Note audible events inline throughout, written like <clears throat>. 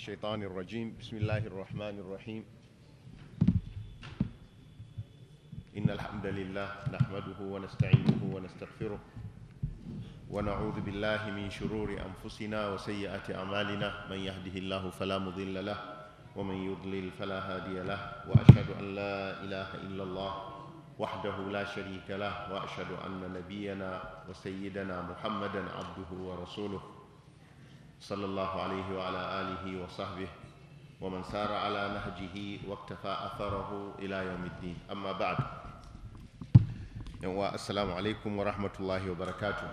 الشيطان الرجيم بسم الله الرحمن الرحيم إن الحمد لله نحمده ونستعينه ونستغفره ونعوذ بالله من شرور أنفسنا وسيئات أعمالنا من يهده الله فلا مضل له ومن يضلل فلا هادي له وأشهد أن لا إله إلا الله وحده لا شريك له وأشهد أن نبينا وسيدنا محمدا عبده ورسوله صلى الله عليه وعلى آله وصحبه ومن سار على نهجه واكتفى أثره إلى يوم الدين أما بعد السلام عليكم ورحمة الله وبركاته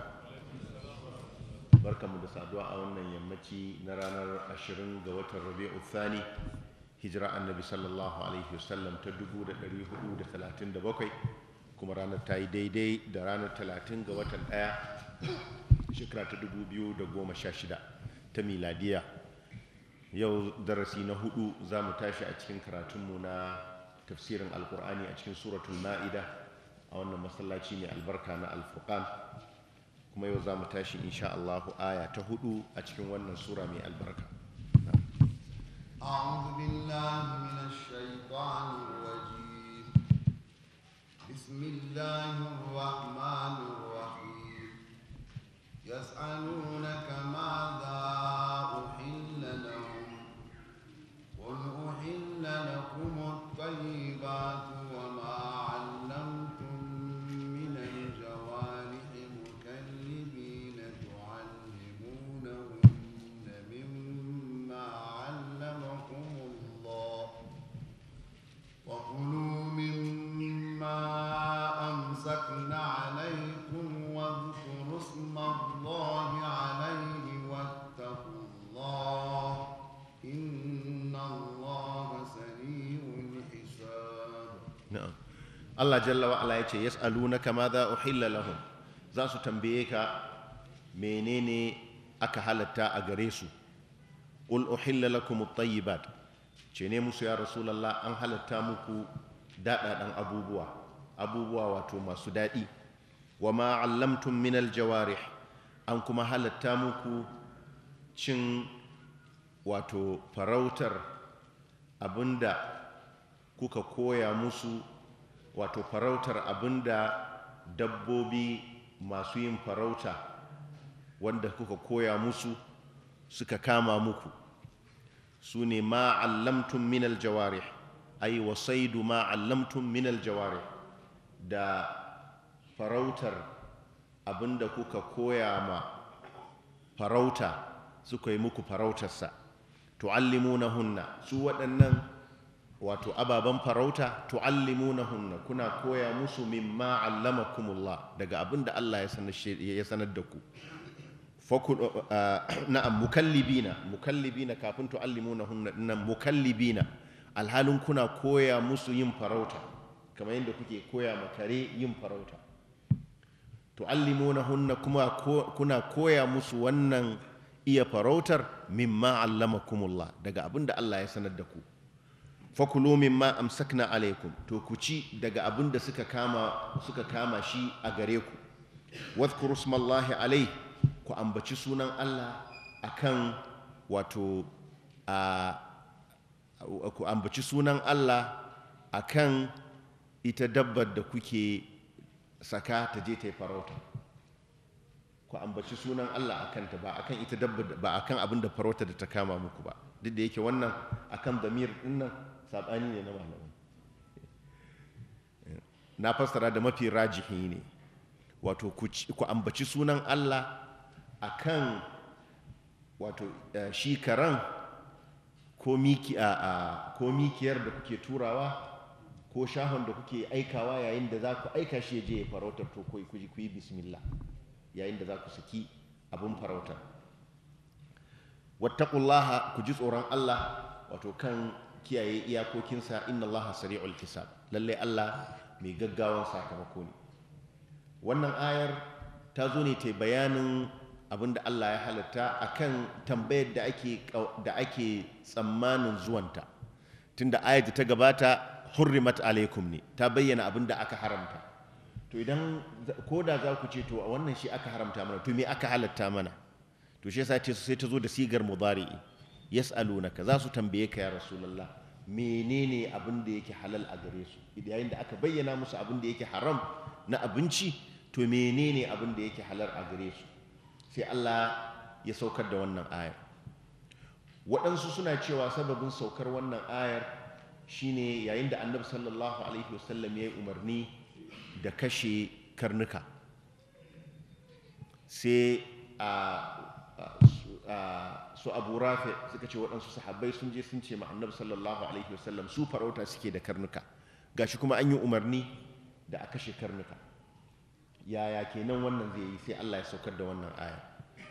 barkanmu da saduwa a wannan yammaci na ranar ashirin ga watan rabi'u thani hijira annabi sallallahu alaihi wasallam ta 1437 kuma ranar ta yi daidai da ranar 30 ga watan 1 shekara ta shida. ميلادية يو درسينا هدو زام تاشي أتكين كراتمونا تفسير القرآن أتكين سورة المائدة أو أن مسلا تشيني البركان الفرقان كما يو زام تاشي إن شاء الله آية تهدو أتكين ونن سورة مي البركة أعوذ بالله من الشيطان الرجيم بسم الله الرحمن الرحيم يسألونك ماذا أحل لهم قل أحل لكم الطيب Allah jalla wa ala yace yas'alunaka madha uhilla lahum za su tambaye ka menene aka halatta a gare su qul uhilla lakum at-tayyibat ce ne musu ya rasulullah an halatta muku dadadan abubuwa abubuwa wato masu dadi wa ma 'allamtum min al-jawarih an kuma halatta muku cin wato farautar abinda kuka koya musu wato farautar abinda dabbobi masu yin farauta wanda kuka koya musu suka kama muku su ne ma'allamtun minal jawari ai saidu ma'allamtun minal jawari da farautar abinda kuka koya ma farauta suka yi muku farautarsa na hunna su waɗannan wato ababen farauta tu'allimunahunna kuna koya musu mimma allamakumullah daga abin da Allah ya sanar da ku eh, <clears throat> na'am mukallibina mukallibina kafin tu'allimunahunna dinnan mukallibina alhalin kuna koya musu yin farauta kamar yadda kuke koya ma kare yin farauta tu'allimunahunna kuma kuna koya musu wannan iya farautar mimma allamakumullah daga abin da Allah ya sanar da ku fakulu ma amsakna alaikum to ku ci daga abin da suka kama suka kama shi a gare ku wadhkuru smallahi alai ku ambaci sunan Allah akan wato a ku ambaci sunan Allah akan ita dabbar da kuke saka ta je ta yi farauta ku ambaci sunan Allah akan ta ba akan ita dabbar ba akan abin da farauta da ta kama muku ba duk da yake wannan akan damir din nan Sabani ne na malamai <laughs> na fassara da mafi rajihi ne wato ku ambaci sunan Allah a kan wato eh, shi karan ko mikiyar da kuke turawa ko shahon da kuke aikawa yayin da za ku aika shi je farautar to koi ku yi bismillah yayin da za ku saki abin farautar wattaqullaha ku ji tsoron Allah wato kan kiyaye iyakokinsa inna Allah sari'ul hisab lalle Allah mai gaggawan sakamako ne wannan ayar ta zo ne ta bayanin abin da Allah ya halatta akan tambayar da ake da ake tsammanin zuwanta tunda ayar ta gabata hurrimat alaikum ne ta bayyana abin da aka haramta to idan ko da za ku ce to a wannan shi aka haramta mana to me aka halatta mana to shi yasa sai ta zo da sigar mudari'i yas'alunaka za su tambaye ka ya rasulullah menene abin da yake halal a gare su yayin da aka bayyana musu abin da yake haram na abinci to menene abin da yake halal a gare su sai Allah ya saukar da wannan ayar waɗansu suna cewa sababin saukar wannan ayar shine yayin da annabi sallallahu alaihi wasallam ya yi umarni da kashe karnuka sai a ah, ah, su abu rafi suka ce waɗansu sahabbai sun je sun ce ma annabi sallallahu alaihi wasallam su farauta suke da karnuka gashi kuma an yi umarni da a kashe karnuka yaya kenan wannan zai yi sai Allah ya saukar da wannan aya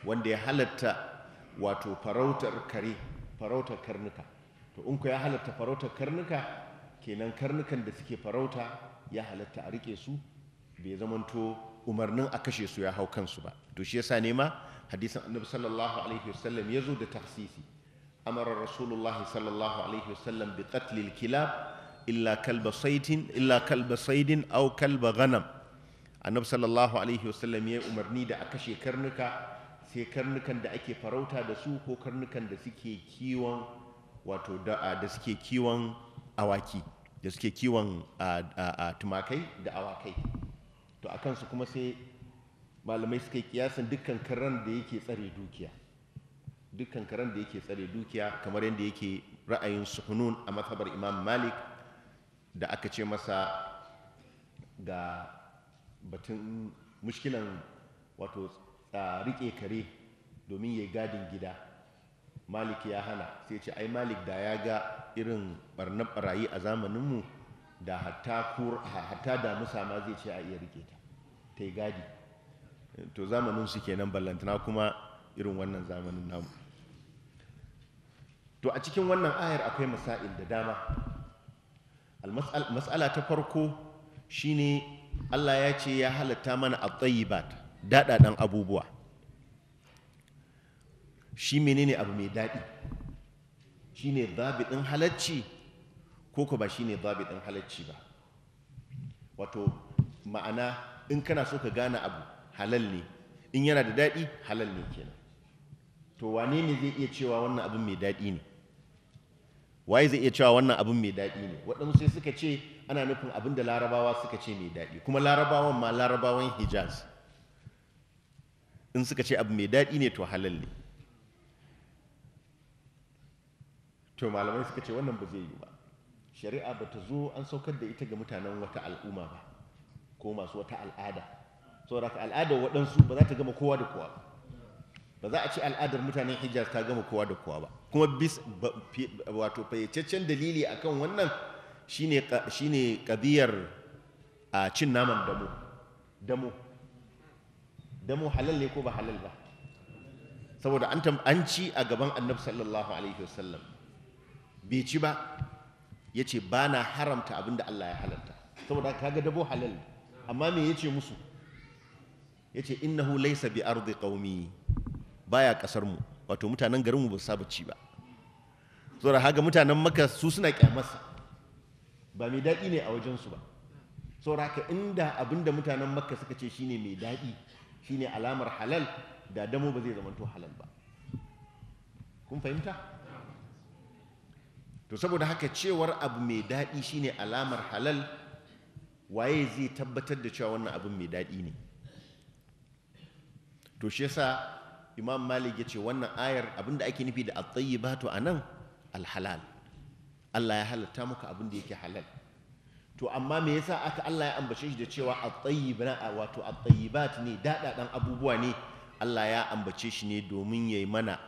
wanda ya halatta wato farautar kare farautar karnuka to in ku ya halatta farautar karnuka kenan karnukan da suke farauta ya halatta a rike su bai zamanto umarnin a kashe su ya hau kansu ba to shi yasa ne ma hadisin annabi sallallahu alaihi wasallam ya zo da tahsisi amara rasulullahi sallallahu alaihi wasallam bi qatlil kilab illa kalba saidin illa kalba saidin aw kalba ghanam annabi sallallahu alaihi wasallam ya umarni da a kashe karnuka sai karnukan da ake farauta da su ko karnukan da suke kiwon wato da suke kiwon awaki da suke kiwon tumakai da awakai to akan su kuma sai malamai suka yi kiyasin dukkan karen da yake tsare dukiya dukkan karen da yake tsare dukiya kamar yadda yake ra'ayin suhunun a matsabar imam malik da aka ce masa ga batun mushkilan wato rike kare domin ya gadin gida malik ya hana sai ce ai malik da ya ga irin barnar barayi a zamaninmu da hatta damusa ma zai ce a iya rike ta ta yi gadi to zamanin su nan ballantana kuma irin wannan zamanin namu to a cikin wannan ayar akwai masail da dama mas'ala ta farko shine Allah ya ce ya halatta mana at-tayyibat daɗaɗan abubuwa shi menene abu mai daɗi shine zabiɗin halacci ko ko ba shine zabiɗin halacci ba wato ma'ana in kana so ka gane abu halal ne in yana da daɗi halal ne kenan to wane ne zai iya cewa wannan abin mai daɗi ne waye zai iya cewa wannan abin mai daɗi ne waɗansu sai suka ce ana nufin abin da larabawa suka ce mai daɗi kuma larabawan ma larabawan hijaz in suka ce abu mai daɗi ne to halal ne to malamai suka ce wannan ba zai yi ba shari'a ba ta zo an saukar da ita ga mutanen wata al'umma ba ko masu wata al'ada sauraka al'adar waɗansu ba za ta gama kowa da kowa ba ba za a ce al'adar mutanen hijaz ta gama kowa da kowa ba kuma bis wato fayyacaccen dalili akan wannan shi ne ƙabiyar a cin naman damo damo damo halal ne ko ba halal ba saboda an an ci a gaban annabi sallallahu alaihi wasallam bai ci ba ya ce ba na haramta abinda Allah ya halalta saboda ka ga dabo halal amma me ya ce musu yace innahu laisa bi ardi qaumi baya kasar mu wato mutanen garin mu ba su saba ci ba da haga mutanen maka su suna kyamarsa ba mai daɗi ne a wajen su ba saboda haka inda abinda mutanen makka suka ce shine mai daɗi shine alamar halal da damo ba zai zamanto halal ba kun fahimta to saboda haka cewar abu mai daɗi shine alamar halal waye zai tabbatar da cewa wannan abin mai daɗi ne to shi yasa imam malik ya ce wannan ayar abinda ake nufi da at to anan al-halal Allah ya halatta muka abinda yake halal to amma me yasa aka Allah ya ambace shi da cewa at-tayyibna wato at-tayyibat ne daɗaɗan abubuwa ne Allah ya ambace shi ne domin yayi mana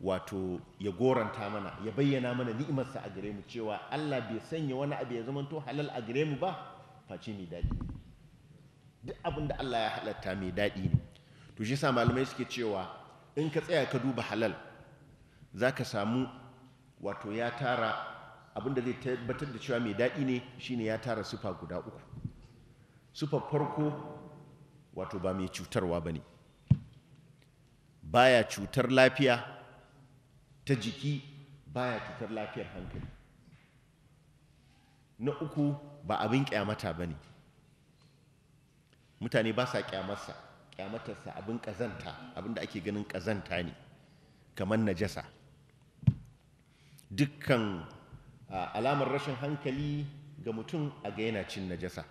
wato ya goranta mana ya bayyana mana ni'imarsa a gare mu cewa Allah bai sanya wani abu ya zamanto halal a gare mu ba face mai daɗi duk abin da Allah ya halatta mai daɗi ne to shi sa malamai suke cewa in ka tsaya ka duba halal za ka samu wato ya tara abinda zai tabbatar da cewa mai daɗi ne shine ya tara sufa guda uku Sufa farko wato ba mai cutarwa ba ne baya cutar lafiya ta jiki baya cutar lafiyar hankali na uku ba abin kyamata ba ne mutane ba sa kyamarsa kyamatarsa abin kazanta abin da ake ganin ƙazanta ne kamar najasa dukkan alamar rashin hankali ga mutum a ga yana cin najasa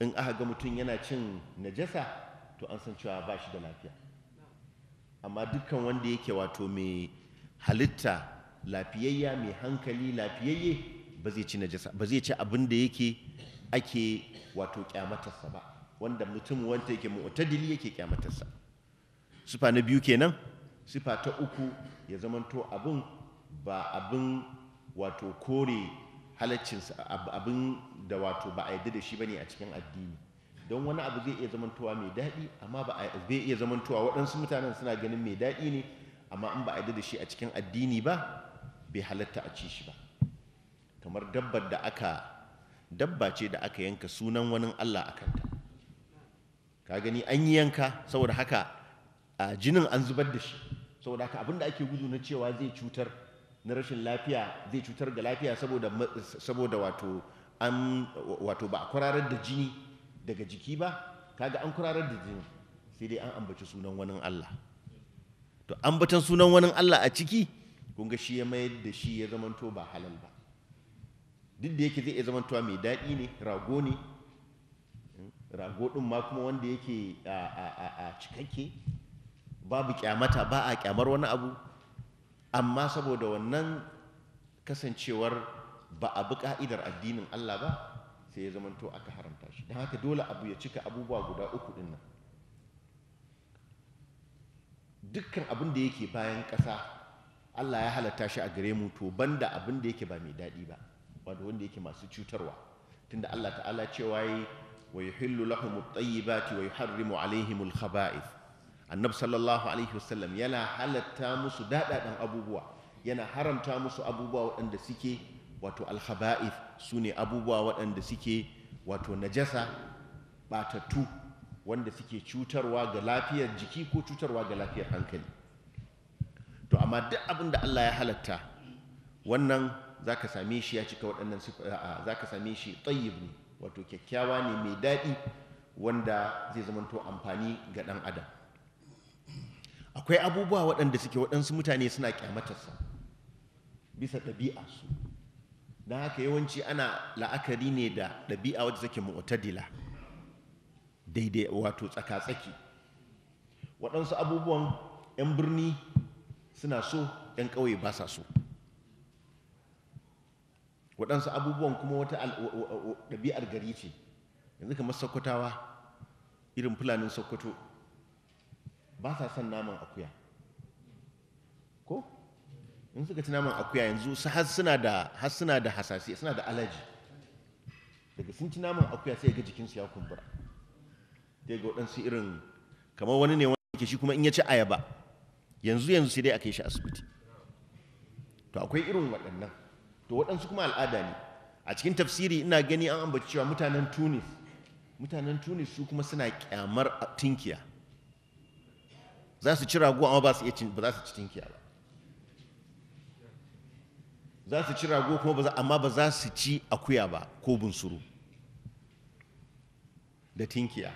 in aka ga mutum yana cin najasa to an san cewa ba shi da lafiya amma dukkan wanda yake wato mai halitta lafiyayya mai hankali lafiyayye ba zai ci najasa ba zai ci abin da yake ake wato kyamatarsa ba wanda mutum wanda yake mu'tadili yake kyamatarsa sifa na biyu kenan sifa ta uku ya zamanto abin ba abin wato kore halaccinsa abin da wato ba a yadda da shi bane a cikin addini don wani abu zai iya zamantowa mai daɗi amma ba a zai iya zamantowa waɗansu mutanen suna ganin mai daɗi ne amma in ba a yadda da shi a cikin addini ba bai halatta a ci shi ba kamar dabbar da aka dabba ce da aka yanka sunan wani Allah a kanta ka gani an yi yanka saboda haka a jinin an zubar da shi saboda haka da ake gudu na cewa zai cutar na rashin lafiya zai cutar ga lafiya saboda saboda wato an wato ba a kwararar da jini daga jiki ba kaga an kwararar da jini sai dai an ambaci sunan wani Allah to ambatan sunan wani Allah a ciki kun ga shi ya mayar da shi ya zamanto ba halal ba duk da yake zai iya zamantowa mai daɗi ne rago ne rago ɗin ma kuma wanda yake a cikakke babu kyamata ba a kyamar wani abu amma saboda wannan kasancewar ba a bi ka'idar addinin Allah ba sai ya zamanto aka haramta shi don haka dole abu ya cika abubuwa guda uku din nan dukkan abin da yake bayan ƙasa Allah ya halatta shi a gare mu to banda abin da yake ba mai daɗi ba wato wanda yake masu cutarwa tunda Allah ta'ala cewa yi wa yuhillu lahum at-tayyibati wa yuharrimu alaihim al-khaba'ith annabi sallallahu alaihi wasallam yana halatta musu daɗaɗan abubuwa yana haramta musu abubuwa waɗanda suke wato al-khaba'ith sune abubuwa waɗanda suke wato najasa batattu wanda suke cutarwa ga lafiyar jiki ko cutarwa ga lafiyar hankali to amma duk abin da Allah ya halatta wannan zaka same shi ya cika waɗannan zaka same shi tayyib ne wato kyakkyawa ne mai daɗi wanda zai zamanto amfani ga ɗan adam akwai abubuwa waɗanda suke waɗansu mutane suna kyamatarsa bisa ɗabi'a su don haka yawanci ana la'akari ne da ɗabi'a wadda take mu'tadila daidai wato tsaka-tsaki waɗansu abubuwan 'yan birni suna so 'yan ƙauye ba sa so waɗansu abubuwan kuma wata ɗabi'ar gari ce yanzu kamar sokotawa irin fulanin sokoto ba sa son naman akuya ko in suka ci naman akuya yanzu su har suna da har suna da hasasi suna da alaji daga sun ci naman akuya sai ga jikinsu ya kumbura sai ga waɗansu irin kamar wani ne wani ke shi kuma in ya ci ayaba yanzu yanzu sai dai a kai shi asibiti to akwai irin waɗannan to waɗansu kuma al'ada ne a cikin tafsiri ina gani an ambaci cewa mutanen tunis mutanen tunis su kuma suna kyamar tinkiya za su ci rago amma ba su iya ci tinkiya ba za su ci rago kuma amma ba za su ci akuya ba ko bunsuru da tinkiya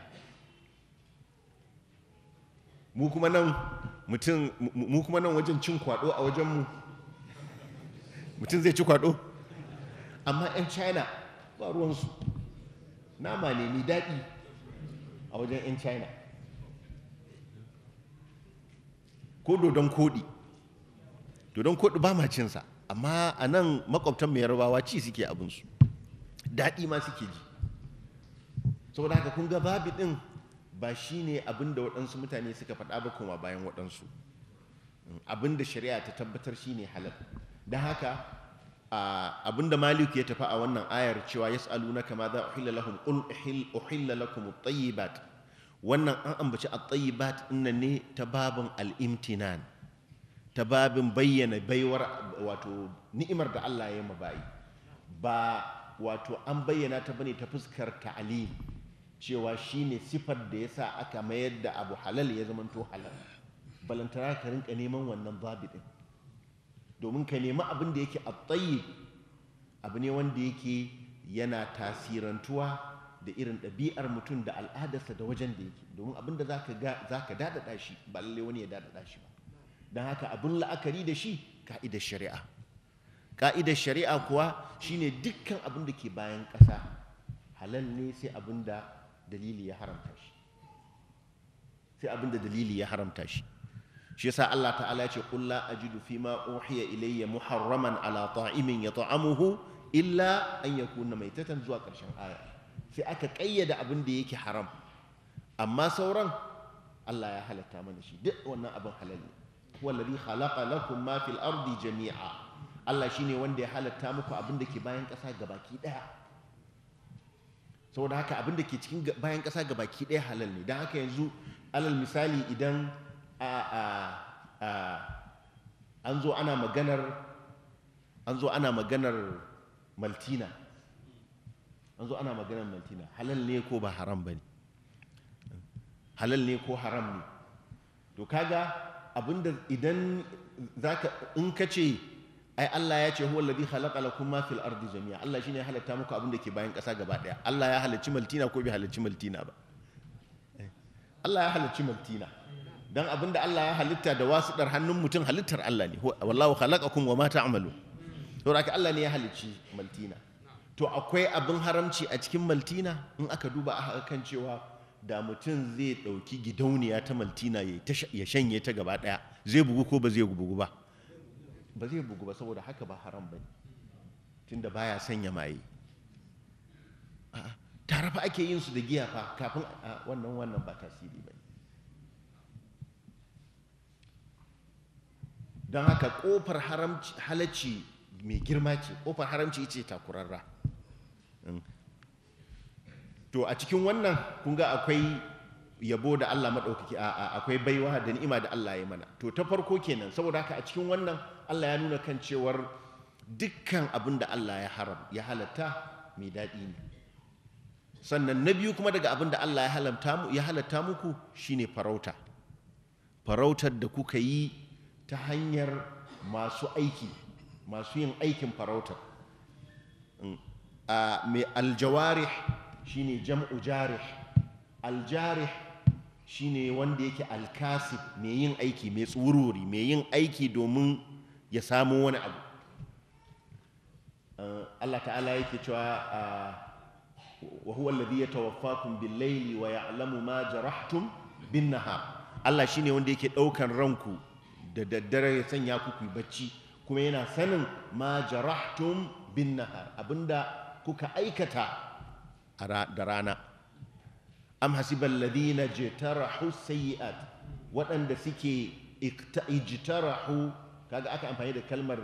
mu kuma nan mutum mu kuma nan wajen cin kwado a wajenmu mutum zai ci kwado amma 'yan china ba ruwansu nama ne ni daɗi a wajen 'yan china ko dodon koɗi dodon koɗi ba ma cinsa amma a nan makwabtan mai yarbawa ci suke abinsu daɗi ma suke ji saboda haka kun ga babi ɗin ba shi ne abin waɗansu mutane suka faɗa ba kuma bayan waɗansu abinda shari'a ta tabbatar shi ne halal da haka abinda malik ya tafi a wannan ayar cewa na kama za a lahum qul uhilla lakum at wannan an ambaci a tsayibat dinnan ne ta babin al’imtinan ta babin bayyana baiwar wato ni'imar da Allah ya mabayi ba wato an bayyana ta bane ta fuskar ta'lim cewa shi ne sifar da ya sa aka mayar da abu halal ya zamanto halal balantara ka rinka neman wannan babi din domin ka nema abin da yake attayi abu ne wanda yake yana tasirantuwa da irin ɗabi'ar mutum da al'adarsa da wajen da yake domin abin da za ka dadada shi ba lalle wani ya dadada shi ba don haka abin la'akari da shi ka'idar shari'a ka'idar shari'a kuwa shine dukkan abin da ke bayan ƙasa halal ne sai abin da dalili ya haramta shi shi yasa Allah ta'ala ya ce qul la ajidu fima uhiya ilayya muharraman ala ta'imin yat'amuhu illa an yakuna maitatan zuwa ƙarshen aya sai aka ƙayyada abin da yake haram amma sauran Allah ya halatta mana shi duk wannan abin halal ne huwa alladhi khalaqa lakum ma fil ardi jami'a Allah shine wanda ya halatta muku abin da ke bayan ƙasa gabaki ɗaya saboda haka abin da ke cikin bayan ƙasa gabaki ɗaya halal ne dan haka yanzu alal misali idan an zo ana maganar an zo ana maganar maltina an zo ana maganar maltina halal ne ko ba haram ba ne halal ne ko haram ne to kaga abinda idan zaka in ka ce ai Allah ya ce huwa alladhi khalaqa lakum ma fil ardi jami'a Allah shine ya halatta muku abin da ke bayan ƙasa gaba daya Allah ya halacci maltina ko bai halacci maltina ba eh. Allah ya halacci maltina don abin da Allah ya halitta da wasu wasuɗar hannun mutum halittar Allah ne wallahu khalaqakum wa ma ta'malun to raka Allah ne ya halicci maltina to akwai abin haramci a cikin maltina in aka duba aka kan cewa da mutum zai ɗauki gidauniya ta maltina ya shanye ta gaba ɗaya zai bugu ko ba zai bugu ba ba zai bugu ba saboda haka ba haram ba ne tunda baya sanya maye tare fa ake yin su da giya fa kafin wannan wannan ba tasiri ba don haka ƙofar halacci mai girma ce ƙofar haramci ce takurarra mm. to a cikin wannan kun ga akwai yabo da Allah maɗaukaki a akwai baiwa da ni'ima da Allah ya mana to ta farko kenan saboda haka a cikin wannan Allah ya nuna kan cewar dukkan abin da Allah ya haram ya halatta mai daɗi ne sannan na biyu kuma daga abin da Allah ya halatta muku shine farauta farautar da kuka yi ta hanyar masu aiki masu yin aikin farautar mm. mai aljawarih shine jam'u jarih aljarih shine wanda yake alkasi mai yin aiki mai tsururi mai yin aiki domin ya samu wani abu uh, Allah ta'ala yake cewa uh, wa huwa alladhi yatawaffakum bil-layli wa ya'lamu ma jarahtum bin-nahar Allah shine wanda yake daukan ranku da daddare ya sanya ku ku bacci kuma yana sanin ma jarahtum bin nahar abinda kuka aikata da rana am hasibal ladina jitarahu sayiat waɗanda suke ijtarahu kaga aka amfani da kalmar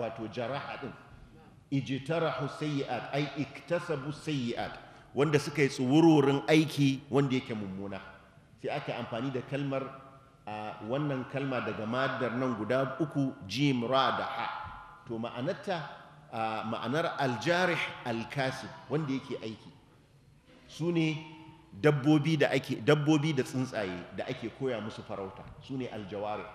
wato jaraha din ijtarahu sayiat ai iktasabu sayiat wanda suka yi tsuwurorin aiki wanda yake mummuna sai aka amfani da kalmar a wannan kalma daga madar nan guda uku jim ra da ha to ma'anarta ma'anar aljarih alkasi wanda yake aiki su ne dabbobi da ake da tsuntsaye da ake koya musu farauta su ne aljawari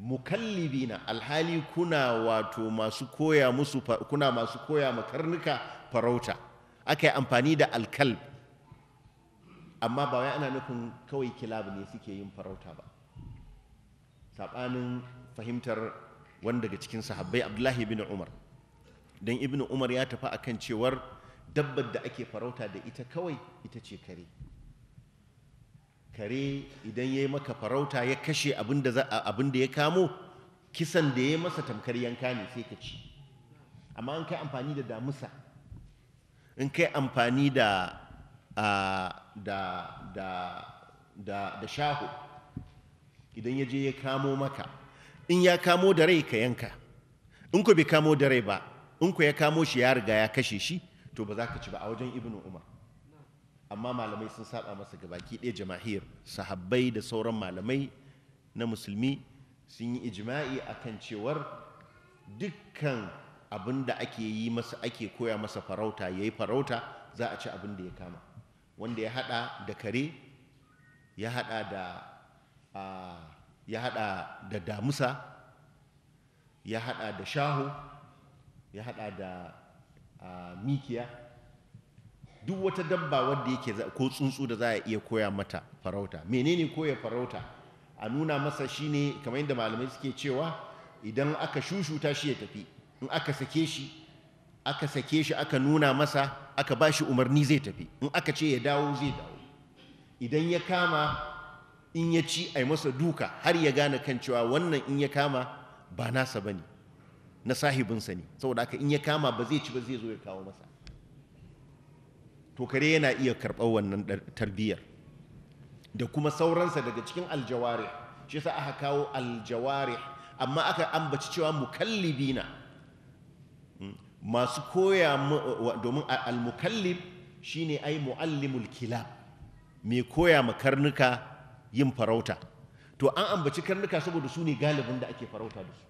mukallibina alhali kuna wato masu koya musu kuna masu koya makarnuka farauta aka yi amfani da alkalb amma ba wai ana nufin kawai kilab ne suke yin farauta ba saɓanin fahimtar wani daga cikin sahabbai abdullahi bin umar don ibn umar ya tafi a kan cewar dabbar da ake farauta da ita kawai ita ce kare kare idan ya yi maka farauta ya kashe abin da ya kamo kisan da ya yi masa tamkar yanka ne sai ka ci amma an kai amfani da damusa in kai amfani da da shahu idan ya je ya kamo maka in ya kamo da rai ka yanka in ku bai kamo da rai ba in ku ya kamo shi ya riga ya kashe shi to ba za ka ci ba a wajen ibnu umar amma malamai sun saba masa gabaki ɗaya jama'ir sahabbai da sauran malamai na musulmi sun yi ijma'i kan cewar dukkan abin da ake yi masa ake koya masa farauta ya yi farauta za a ci abin da ya kama wanda ya hada da kare ya hada da ya hada da damusa ya hada da shaho ya hada da mikiya duk wata dabba wadda yake ko tsuntsu da za a iya koya mata farauta menene koya farauta a nuna masa shine kamar yadda malamai suke cewa idan aka shushuta shi ya tafi in aka sake shi aka sake shi aka nuna masa aka ba shi umarni zai tafi in aka ce ya dawo zai dawo idan ya kama in ya ci a masa duka har ya gane kan cewa wannan in ya kama ba nasa ba ne na sahibinsa ne saboda aka in ya kama ba zai ci ba zai zo ya kawo masa to kare yana iya karɓar wannan tarbiyyar da kuma sauransa daga cikin aljawari shi sa aka kawo aljawari amma aka ambaci cewa mukallibina masu koya domin al-mukallib shine ai muallimul kilab mai koya ma karnuka yin farauta to an ambaci karnuka saboda su ne galibin da ake farauta da su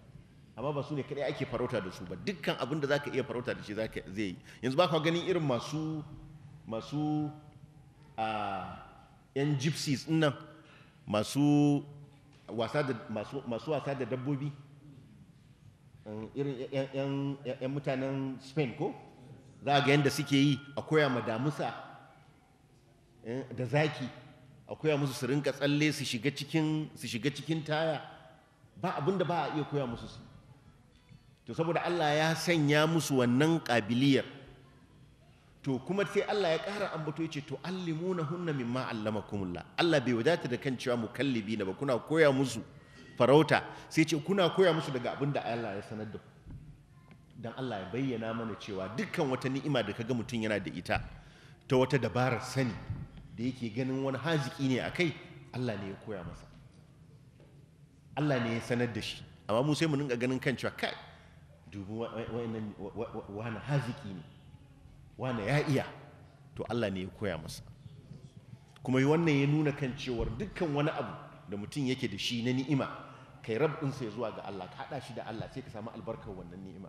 amma ba su ne kadai ake farauta da su ba dukkan abin da zaka iya farauta da shi zaka zai yi yanzu ba ka ganin irin masu masu a yan gypsies nan masu wasa da dabbobi irin yan mutanen spain ko za ga yadda suke yi a koya ma damusa eh, da zaki a koya musu su rinka tsalle su shiga cikin su shiga cikin taya ba abin da ba a iya koya musu su to saboda Allah ya sanya musu wannan kabiliyar to kuma sai Allah ya ƙara ambato yace to allimuna hunna mimma allamakumullah Allah bai wadata da kan cewa mu mukallibi na ba kuna koya musu farauta sai ce kuna koya musu daga abin da Allah ya sanar da ku dan Allah ya bayyana mana cewa dukkan wata ni'ima da kaga mutum yana da ita ta wata dabarar sani da yake ganin wani haziki ne akai Allah ne ya koya masa Allah ne ya sanar da shi amma mu sai mu dinga ganin kan cewa kai dubu wannan wani haziki ne wani ya iya to Allah ne ya koya masa kuma wannan ya nuna kan cewar dukkan wani abu da mutum yake da shi na ni'ima kai rabu sai zuwa ga Allah ka haɗa shi da Allah sai ka samu albarkar wannan ni'ima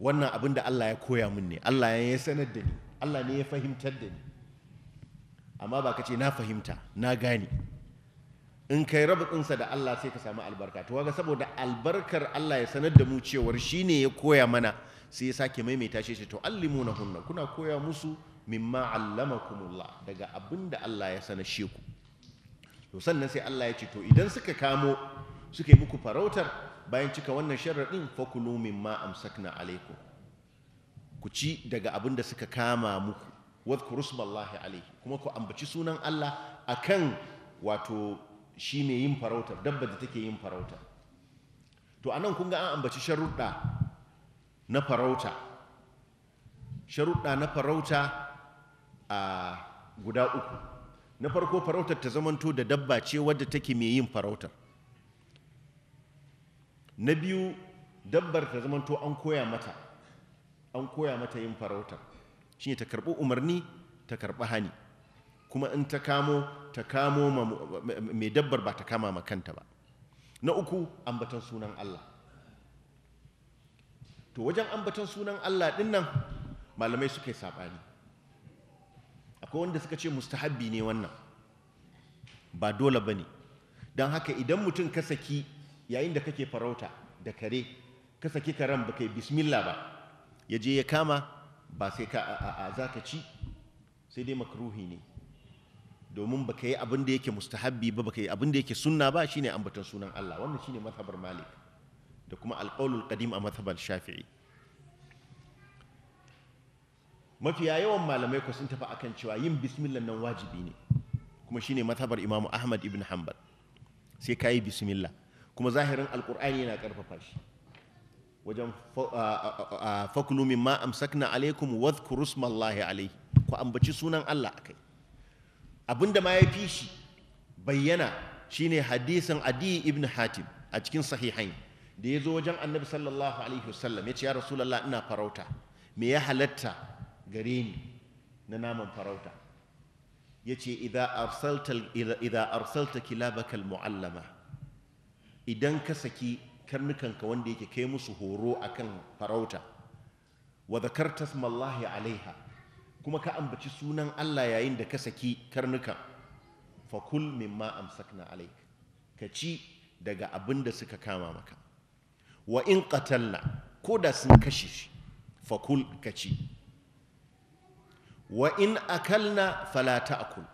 wannan abin da Allah ya koya min ne Allah ya sanar da ni Allah ne ya fahimtar da ni amma ba ka ce na fahimta na gane in kai rabu ɗinsa da Allah sai ka samu albarka to ga saboda albarkar Allah ya sanar da mu cewar ne ya koya mana sai ya sake maimaita shi to hunna kuna koya musu mimma allamakumullah daga abinda Allah ya sanar shi ku to sannan sai Allah ya ce to idan suka kamo suka yi muku farautar bayan cika wannan sharaɗin fakulu ma amsakna alaikum ku ci daga abin da suka kama muku wadhkuru smallahi alaihi kuma ku ambaci sunan Allah akan wato shi ne yin farautar dabba da take yin farauta to anan kun ga an ambaci sharuɗa na farauta sharuɗa na farauta a guda uku na farko farautar ta zamanto da dabba ce wadda take mai yin farautar na biyu dabbar ta zamanto an koya mata an koya mata yin farautar shine ta karɓi umarni ta karɓi hani kuma in ta kamo ta kamo mai dabbar ba ta kama makanta ba na uku ambatan sunan Allah to wajen ambatan sunan Allah dinnan malamai suka yi saɓani akwai wanda suka ce mustahabbi ne wannan ba dole ba ne don haka idan mutum ka saki yayin da kake farauta da kare ka saki karen ba kai bismillah ba ya je ya kama ba sai ka a za ka ci sai dai makruhi ne domin ba ka yi abin yake mustahabbi ba ba ka yi abin yake sunna ba shine ambaton sunan Allah wannan shine mazhabar Malik da kuma alqaulul qadim a mazhabar Shafi'i mafiya yawan malamai ku sun tafi akan cewa yin bismillah nan wajibi ne kuma shine matabar imamu ahmad ibn hanbal sai kayi bismillah kuma zahirin alkur'ani yana karfafa shi wajen min ma amsakna alaikum dhkuru smallahi alaihi ku ambaci sunan Allah akai abinda ma ya fi shi bayyana shine hadisin adi ibn hatim a cikin sahihain da ya zo wajen annabi sallallahu alaihi wasallam ya ce ya rasulallah ina farauta me ya halatta gare ni na naman farauta ya ce idha arsalta kilabakal mu'allama idan ka saki karnukanka wanda yake kai musu horo a kan farauta wa zakarta smallahi alaiha kuma ka ambaci sunan Allah yayin da ka saki karnukan fakul mimma amsakna alaik ka ci daga abin da suka kama maka wa in qatalna ko da sun kashe shi fakul ka ci wa in akalna fala ta'kul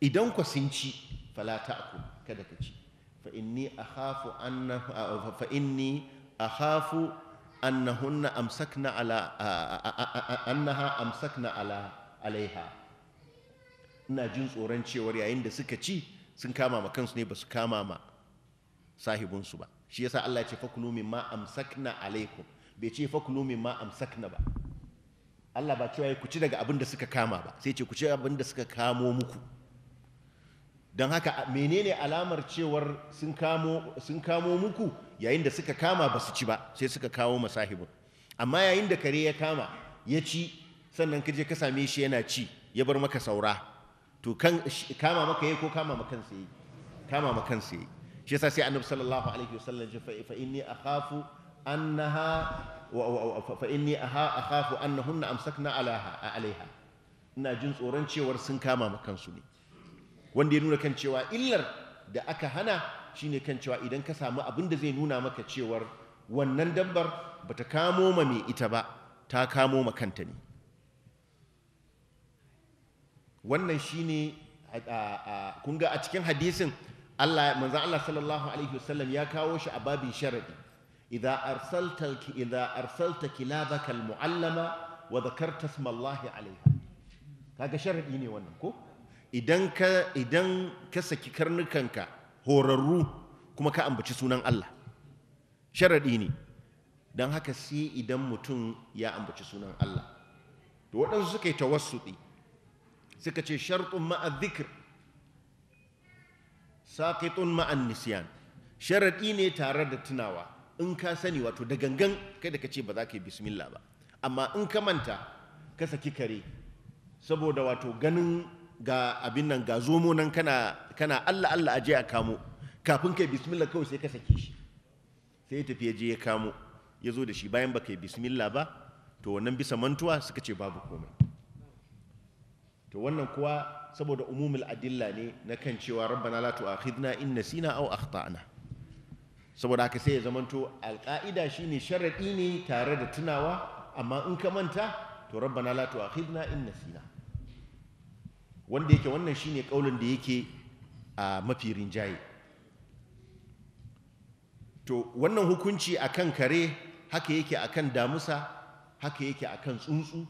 idan ku sun ci fala ta'kul kada ka ci fa inni akhafu anna fa inni akhafu annahunna amsakna ala annaha amsakna ala alaiha ina jin tsoron cewa yayin da suka ci sun kama ma kansu ne ba su kama ma sahibinsu ba shi yasa Allah ya ce fakulu mimma amsakna alaikum bai ce fakulu mimma amsakna ba Allah ba cewa ku ci daga abin da suka kama ba sai ce ku ci abin da suka kamo muku don haka menene alamar cewar sun kamo muku yayin da suka kama ba su ci ba sai suka kawo masahibin amma yayin da kare ya kama ya ci sannan ka je ka same shi yana ci ya bar maka saura to kama maka yayi ko kama maka kansa yayi kama maka kansa yayi shi yasa sai annabi sallallahu alaihi wasallam ya fa inni akhafu annaha fa inni aha akhafu annahunna amsakna alaha alaiha ina jin tsoron cewar sun kama ma kansu ne wanda ya nuna kan cewa illar da aka hana shine kan cewa idan ka samu abin da zai nuna maka cewar wannan dabbar bata kamo ma mai ita ba ta kamo ma kanta ne wannan shine kun ga a cikin hadisin Allah Allah sallallahu alaihi wasallam ya kawo shi a babin sharadi إذا أرسلت إذا أرسلت كلابك المعلمة وذكرت اسم الله عليها kaga sharaɗi ne wannan ko idan ka idan ka saki karnukanka horarru kuma ka ambaci sunan Allah sharaɗi ne don haka sai idan mutum ya ambaci sunan Allah to waɗansu suka yi tawassuɗi suka ce sharɗin ma'a zikir saƙiɗin ma'an nisiyan sharaɗi ne tare da tunawa in ka sani wato da gangan kada ka ce ba za ka yi bismillah ba amma in ka manta ka saki kare saboda wato ganin ga abin nan ga zomo nan kana kana Allah Allah aje a kamo kafin kai bismillah kawai sai ka saki shi sai ya tafi ya je ya kamo ya zo da shi bayan baka yi bismillah ba to wannan bisa mantuwa suka ce babu komai to wannan kuwa saboda umumul adilla ne na kan cewa rabbana la tu'akhidna in nasina aw akhtana saboda aka sai ya zamanto alƙa'ida shine sharaɗi ne tare da tunawa amma in ka manta to rabbana la tu'akhidna in nasina wanda yake wannan shine kaulin da yake a mafi rinjaye to wannan hukunci akan kare haka yake akan damusa haka yake akan tsuntsu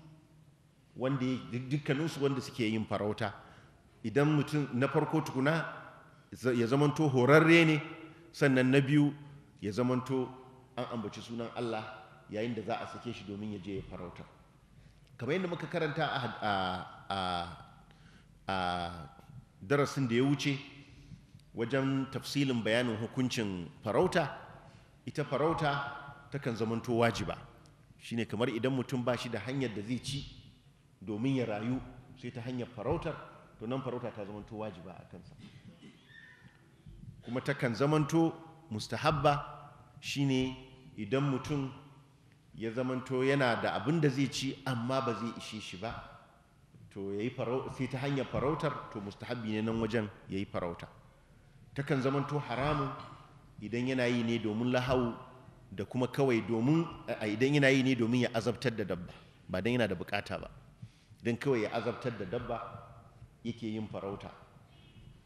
wanda dukkaninsu wanda suke yin farauta idan mutum na farko tukuna ya zamanto horarre ne sannan na biyu ya zamanto an ambaci sunan Allah yayin da za a sake shi domin ya je ya farauta kamar yadda muka karanta a darasin da ya wuce wajen tafsilin bayanin hukuncin farauta ita farauta takan zamanto wajiba shine kamar idan mutum ba shi da hanyar da zai ci domin ya rayu sai ta hanyar farautar to nan farauta ta zamanto wajiba a kansa kuma takan zamanto mustahabba shine idan mutum ya zamanto yana da abin da zai ci amma ba zai ishe shi ba to yayi sai ta hanyar farautar to mustahabbi ne nan wajen ya yi farauta takan zamanto haramun idan yana yi ne domin lahau da kuma kawai domin a idan yana yi ne domin ya azabtar da dabba ba don yana da bukata ba don kawai ya azabtar da dabba yake yin farauta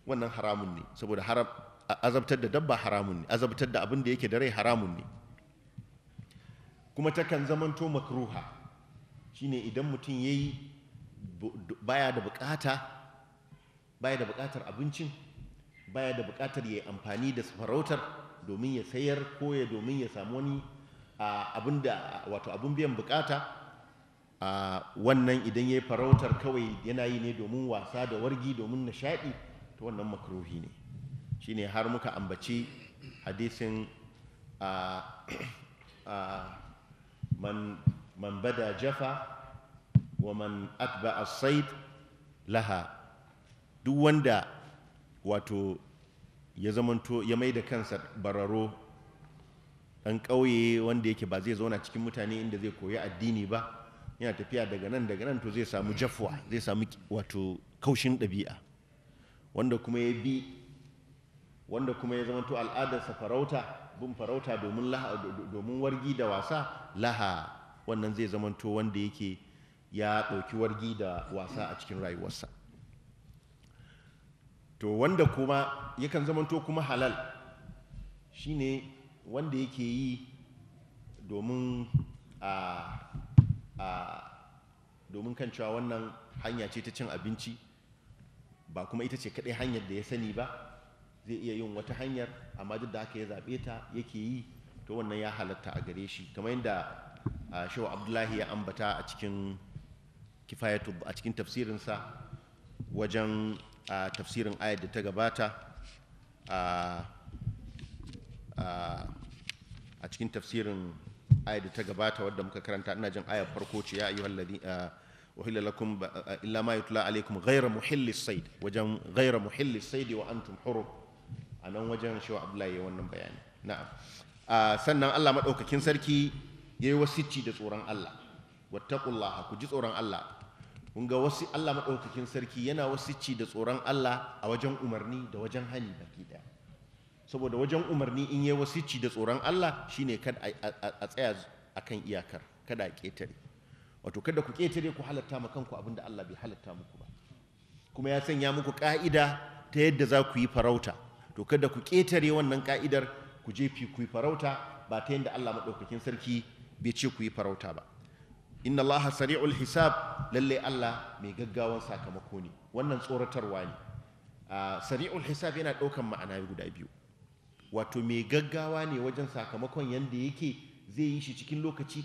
wannan haramun ne saboda haram azabtar da dabba haramun ne azabtar da abin da yake da rai haramun ne kuma takan zamanto makruha shine idan mutum ya yi baya da bukata baya da bukatar abincin baya da bukatar ya yi amfani da farautar domin ya sayar ko ya domin ya samu wani abin da wato abin biyan bukata wannan idan ya yi farautar kawai yana yi ne domin wasa da wargi domin nishaɗi ta wannan makruhi ne shine har muka ambaci hadisin man bada jafa wa man atba as-sayd laha duk wanda wato ya zamanto ya mai da kansa bararo ɗan ƙauye wanda yake ba zai zauna cikin mutane inda zai koyi addini ba yana tafiya daga nan daga nan to zai samu jafuwa zai samu wato kaushin ɗabi'a wanda kuma ya bi wanda kuma ya zamanto al'adarsa farauta bin farauta domin domin wargi da wasa laha wannan zai zamanto wanda yake ya ɗauki wargi da wasa a cikin rayuwarsa to wanda kuma yakan zamanto kuma halal shine wanda yake yi domin a a domin kan cewa wannan hanya ce ta cin abinci ba kuma ita ce kaɗai hanyar da ya sani ba zai iya yin wata hanyar amma duk da aka ya zaɓe ta yake yi to wannan ya halatta a gare shi kamar yadda shehu abdullahi ya ambata a cikin kifayatu a cikin tafsirinsa wajen tafsirin ayar da ta gabata a cikin tafsirin ayar da ta gabata wadda muka karanta ina jin ayar farko ce ya ayyuhal a nan wajen shewa abdullahi ya wannan bayani na'am sannan Allah maɗaukakin sarki ya yi wasicci da tsoron Allah wattaqullaha ku ji tsoron Allah kun ga wasu Allah maɗaukakin sarki yana wasicci da tsoron Allah a wajen umarni da wajen hanyar baki ɗaya saboda wajen umarni in yi wasicci da tsoron Allah shine kada a tsaya akan iyakar kada a ƙetare wato kada ku ƙetare ku halatta ma kanku abin da Allah bai halatta muku ba kuma ya sanya muku ƙa'ida ta yadda za ku yi farauta to kada ku ƙetare wannan ka'idar ku je fi ku yi farauta ba ta yadda Allah maɗaukakin sarki bai ce ku yi farauta ba inna Allah sari'ul hisab lalle Allah mai gaggawan sakamako ne wannan tsoratarwa ne ah, sari'ul hisab yana ɗaukan ma'ana guda biyu wato mai gaggawa ne wajen sakamakon yadda yake zai yi shi cikin lokaci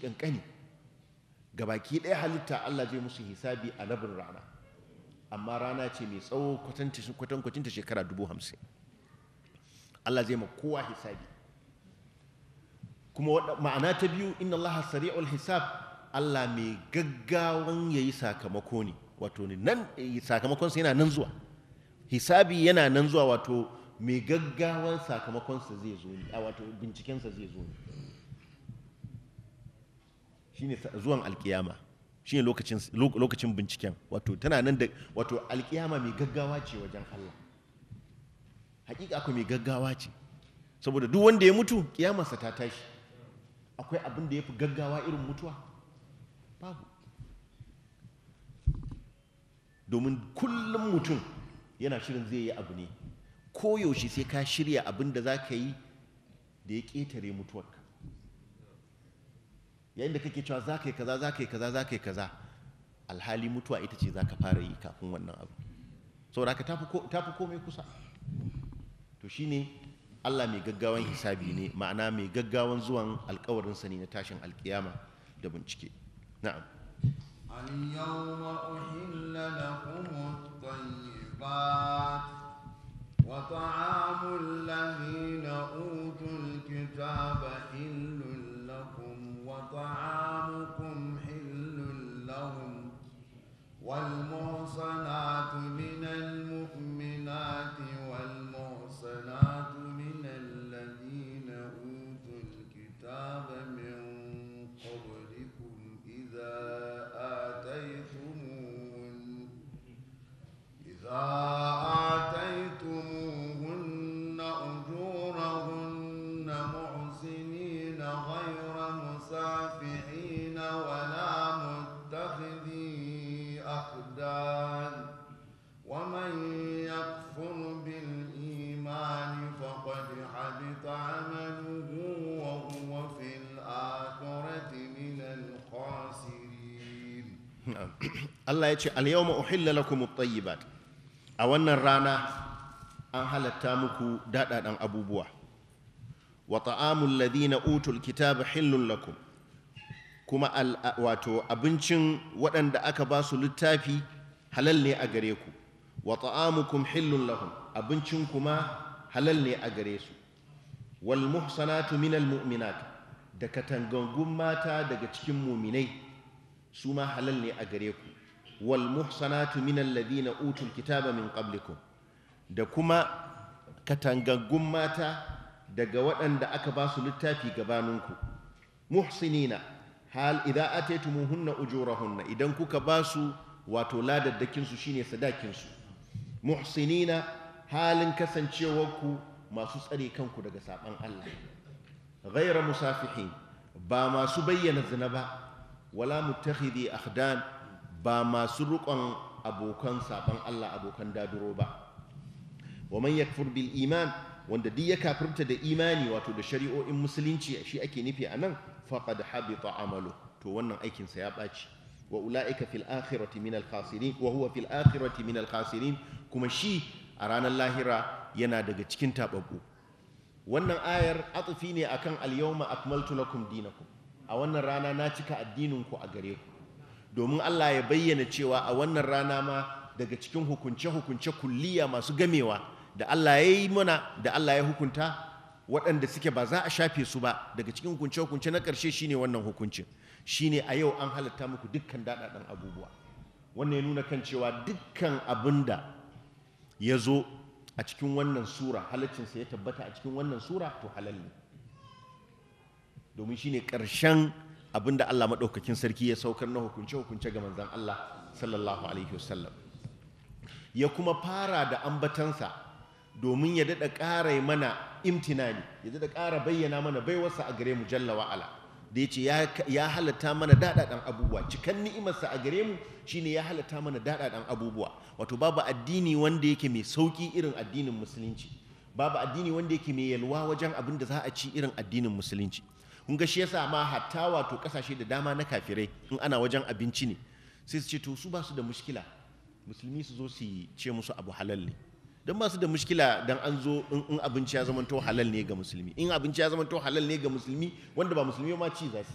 ga baki ɗaya halitta Allah zai musu hisabi a rabin rana amma rana ce mai tsawo kwatanta shekara dubu hamsin Allah zai ma kowa hisabi kuma ma'ana ta biyu inna Allah sari'ul hisab Allah mai gaggawan yayi sakamako ne wato ne nan eh, sakamakon sa yana nan zuwa hisabi yana nan zuwa wato mai gaggawan sakamakon sa zai zo ne wato binciken sa zai zo ne shine zuwan alkiyama shine lokacin lokacin binciken wato tana nan da wato alkiyama mai gaggawa ce wajen Allah hakika akwai mai gaggawa ce saboda duk wanda ya mutu kiyamarsa ta tashi akwai abin da ya fi gaggawa irin mutuwa babu domin kullum mutum yana shirin zai yi abu ne koyaushe sai ka shirya abin da za ka yi da ya ƙetare mutuwarka yayin da kake cewa za ka yi kaza za ka yi kaza za ka yi kaza alhali mutuwa ita ce za ka fara yi kafin wannan abu saboda haka tafi komai kusa to shi ne allah mai gaggawan hisabi ne ma'ana mai gaggawan zuwan alkawarin sani na tashin alkiyama da bincike na'am Al-yawma uhilla lakum at-tayyibat wa ta'amu alladhina utul kitaba illun lakum wa ta'amukum illun lahum wal muhsanatu minal muhsanat Allah ya ce al-yawma uhilla lakum at-tayyibat a wannan rana an halatta muku dadadan abubuwa wa ta'amul ladina utul kitaba hillun lakum kuma wato abincin waɗanda aka ba su littafi halal ne a gare ku wa ta'amukum hillun lahum abincin kuma halal ne a gare su wal muhsanatu minal mu'minat da katangangun mata daga cikin muminai su ma halal ne a gare ku wal muhsanatu minal ladina utul kitaba min qablikum da kuma katangaggun mata daga waɗanda aka ba su littafi gabaninku muhsinina hal idza ataytumuhunna ujurahunna idan kuka ba su wato ladaddakin su shine sadakin su muhsinina halin kasancewarku masu tsare kanku daga saban Allah ghayra musafihin ba masu bayyana zina ba wala mutakhidhi akhdan ba masu rukon abokan saban Allah abokan daduro ba wa man yakfur iman wanda duk ya kafirta da imani wato da shari'o'in musulunci shi ake nufi a nan faqad habita amalu to wannan aikin ya ɓaci wa ulaika fil akhirati min al khasirin wa huwa fil akhirati min al khasirin kuma shi a ranar lahira yana daga cikin tababbu wannan ayar atsufi ne akan al yawma akmaltu lakum dinakum a wannan rana na cika addinin ku a gare ku domin Allah ya bayyana cewa a wannan rana ma daga cikin hukunce-hukunce kulliya masu gamewa da Allah ya yi mana da Allah ya hukunta waɗanda suke ba za a shafe su ba daga cikin hukunce-hukunce na ƙarshe shine wannan hukuncin shine a yau an halatta muku dukkan daɗaɗɗen abubuwa wannan ya nuna kan cewa dukkan abin da ya zo a cikin wannan sura halaccinsa ya tabbata a cikin wannan sura to halal ne domin shine ƙarshen abinda Allah maɗaukakin sarki ya saukar na hukunce-hukunce ga manzan Allah sallallahu alaihi wasallam ya kuma fara da ambatansa domin ya daɗa ƙara mana imtinani ya daɗa ƙara bayyana mana baiwarsa a gare mu jalla wa'ala da ya ce ya halatta mana daɗaɗan abubuwa cikan ni'imarsa a gare mu shine ya halatta mana daɗaɗan abubuwa wato babu addini wanda yake mai sauƙi irin addinin musulunci babu addini wanda yake mai yalwa wajen abin da za a ci irin addinin musulunci kun ga shi yasa ma hatta wato kasashe da dama na kafirai in ana wajen abinci ne sai su ce to su ba su da mushkila musulmi su zo su ce musu abu halal ne don ba su da mushkila dan an zo in abinci ya zama to halal ne ga musulmi in abinci ya zama to halal ne ga musulmi wanda ba musulmi ma ci za su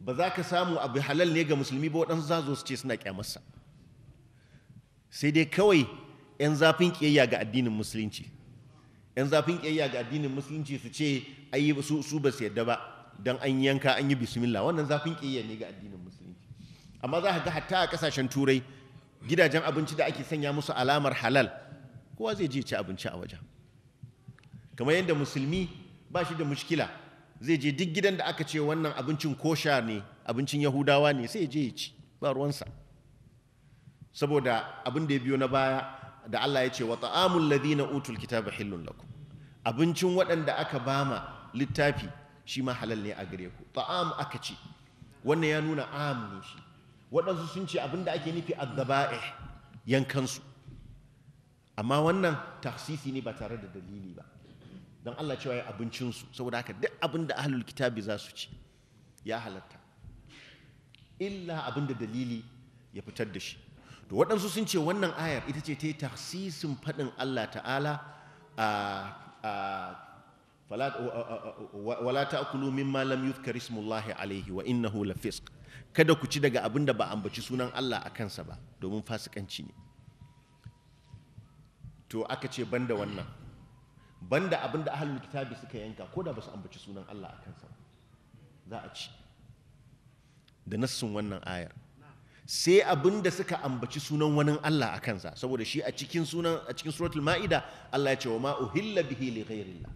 ba za ka samu abu halal ne ga musulmi ba waɗansu za su ce suna kyamarsa sai dai kawai 'yan zafin kiyayya ga addinin musulunci 'yan zafin kiyayya ga addinin musulunci su ce ayi su su ba su yadda ba dan an yanka an yi bismillah wannan zafin kiyayya ne ga addinin musulunci amma za ka ga hatta a kasashen turai gidajen abinci da ake sanya musu alamar halal kowa zai je ci abinci a wajen kamar yadda musulmi ba shi da mushkila zai je duk gidan da aka ce wannan abincin kosha ne abincin yahudawa ne sai ya je ya ci ba ruwansa saboda abin da ya biyo na baya da Allah ya ce wa ta'amul ladina utul kitaba halal lakum abincin waɗanda aka bama littafi shi ma halal ne a gare ku ta'am aka ce wannan ya nuna am ne shi waɗansu sun ce abinda ake nufi yankan yankansu amma wannan tahsisi ne ba tare da dalili ba don Allah cewa ya abincinsu saboda haka duk abinda ahlul kitabi za su ci ya halatta illa abinda dalili ya fitar da shi to waɗansu sun ce wannan ayar ita ce ta yi tahsisin faɗin Allah ta'ala a wala ta'kulu mimma lam yuzkar ismullahi alaihi wa innahu kada ku ci daga abin da ba ambaci sunan Allah a kansa ba domin fasikanci ne to aka ce banda wannan banda abin da ahlul kitabi suka yanka ko da ba su ambaci sunan Allah a kansa ba za a ci da nassin wannan ayar sai abin da suka ambaci sunan wani Allah a kansa saboda shi a cikin sunan a cikin suratul ma'ida Allah ya ce wa ma uhilla bihi li ghairillah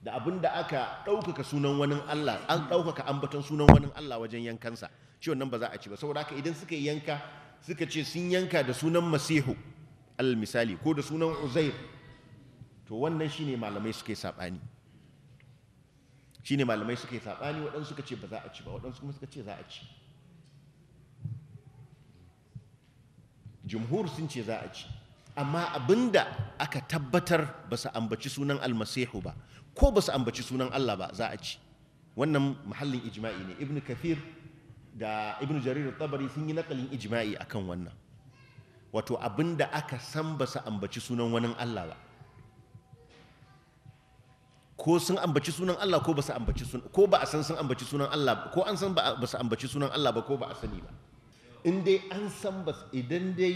da abin da aka ɗaukaka sunan wani Allah an ɗaukaka ambaton sunan wani Allah wajen yankansa shi wannan ba za a ci ba saboda haka idan suka yanka suka ce sun yanka da sunan masihu al misali ko da sunan uzair to wannan shine malamai suka yi sabani shine malamai suka yi sabani waɗansu suka ce ba za a ci ba waɗansu kuma suka ce za a ci jumhur sun ce za a ci amma abinda aka tabbatar ba su ambaci sunan almasihu ba ko ba su ambaci sunan Allah ba za a ci wannan mahallin ijma'i ne ibn kafir da ibn jarir tabari sun yi nakalin ijma'i akan wannan wato abinda aka san ba su ambaci sunan wani Allah ba ko sun ambaci sunan Allah ko ba su ambaci sunan ko ba a san sun ambaci sunan Allah ko an san ba su ambaci sunan Allah ba ko ba a sani ba in dai an san ba idan dai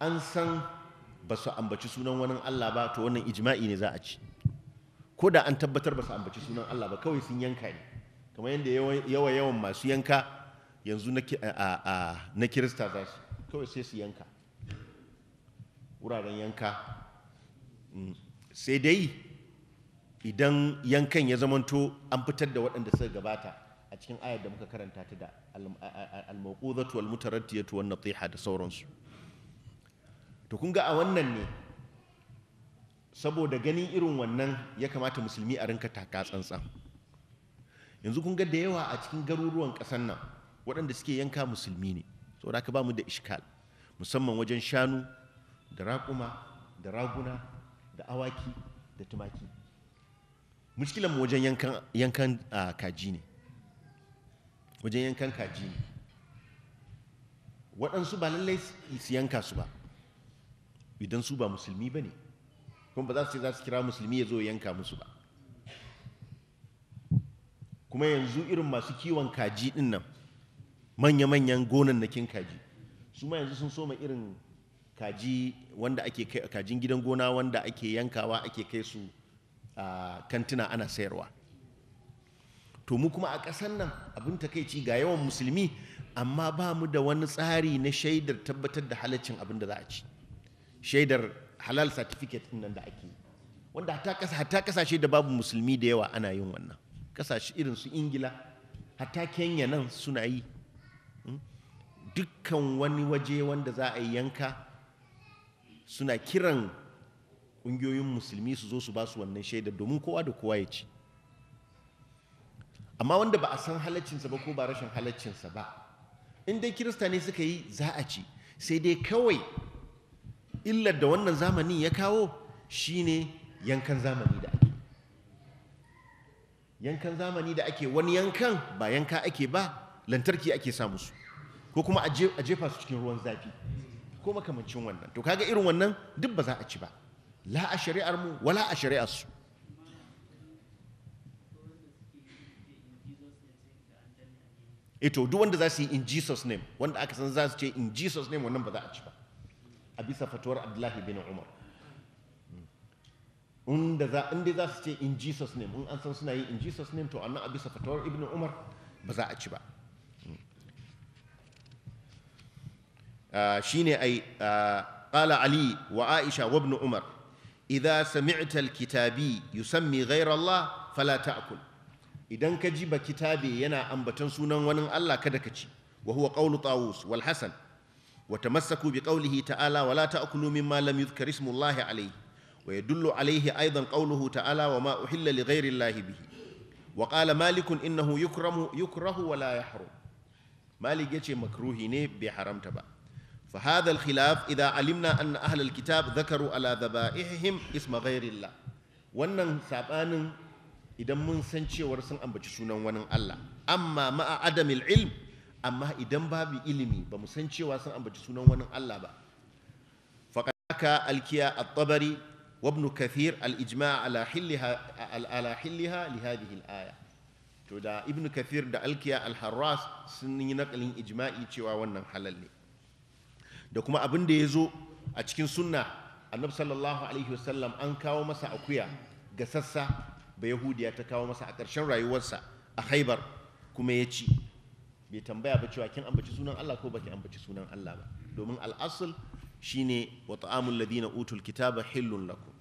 an san ba su ambaci sunan wani Allah ba to wannan ijma'i ne za a ci ko da an tabbatar ba su ambaci sunan Allah ba kawai sun yanka ne kamar yadda yawa yawan masu yanka yanzu na kirista za su kawai sai su yanka wuraren yanka mm, sai dai idan yankan ya zamanto an fitar da waɗanda suka gabata a cikin ayar da muka karanta ta da al-mawqudatu al mutaraddiyatu wan natiha da sauransu to kun ga a wannan ne saboda ganin irin wannan ya kamata musulmi a rinka taka tsantsan yanzu kun ga da yawa a cikin garuruwan ƙasar nan waɗanda suke yanka musulmi ne saboda haka ba mu da iskal musamman wajen shanu da raƙuma da raguna da awaki da tumaki mushkilan mu wajen yankan kaji ne wajen yankan kaji ne waɗansu ba lallai su yanka su ba idan su ba musulmi ba ne kuma ba za su za su kira musulmi ya zo yanka musu ba kuma yanzu irin masu kiwon kaji ɗin nan manya-manyan gonannakin kaji su ma yanzu sun soma irin kaji wanda ake kajin gidan gona wanda ake yankawa ake kai su a ah, kantina ana sayarwa to mu kuma a ƙasar nan abin takaici ga yawan musulmi amma ba mu da wani tsari na shaidar tabbatar da halaccin abin da za a ci shaidar halal certificate din nan da ake wanda hatta kasashe da babu musulmi da yawa ana yin wannan Ƙasashe irin su ingila hatta kenya nan suna yi hmm? dukkan wani waje wanda za a yi yanka suna kiran ƙungiyoyin musulmi su zo su ba su wannan shaidar domin kowa da kowa ya ci amma wanda ba a san halaccinsa ba ko ba rashin halaccinsa ba in dai kirista ne suka yi za a ci sai dai kawai illar da wannan zamani ya kawo shine yankan zamani da ake yankan zamani da ake wani yankan ba yanka ake ba lantarki ake samu su ko kuma a jefa su cikin ruwan zafi ko makamancin wannan to kaga irin wannan duk ba za a ci ba la a shari'ar mu wala a shari'ar su to duk wanda za su yi in jesus name wanda aka san za su ce in jesus name wannan ba za a ci ba a bisa fatuwar abdullahi bin umar hmm. inda za inda za su ce in jesus name in an san suna yi in jesus name to annan a bisa fatuwar ibn umar ba za a ci ba hmm. ah, shine ai ah, qala ali wa aisha wa ibn umar idha sami'ta al-kitabi yusammi ghayra allah fala ta'kul idan ka ji ba kitabe yana ambatan sunan wani Allah kada ka ci wa huwa qawlu tawus wal hasan wa tamassaku bi qawlihi ta'ala wa la ta'kulu mimma lam yuzkar ismullahi alayhi wa yadullu alayhi aidan qawluhu ta'ala wa ma uhilla li ghayri allahi bihi wa qala malik innahu yukramu yukrahu wa la yahrum malik yace makruhi ne bai haramta ba fa hadha al khilaf idha alimna anna ahlal kitab dhakaru ala dhaba'ihim isma ghayri allah wannan sabanin idan mun san cewar sun ambaci sunan wani Allah amma ma'a adamil ilm amma idan babu ilimi ba mu san cewa sun ambaci sunan wani Allah ba faqaka alkiya at-tabari wa ibn kathir al-ijma' ala hilliha ala hilliha li hadhihi al-aya to da ibn kathir da alkiya al-harras sun yi nakalin ijma'i cewa wannan halal ne da kuma abin da ya zo a cikin sunna annabi sallallahu alaihi wasallam an kawo masa akuya ga sassa bayahudiya ta kawo masa a ƙarshen rayuwarsa a haibar kuma ya ci bai tambaya ba cewa kin ambaci sunan Allah ko baki ambaci sunan Allah ba domin al'asul shine wa ta'amul ladina utul kitaba hillun lakum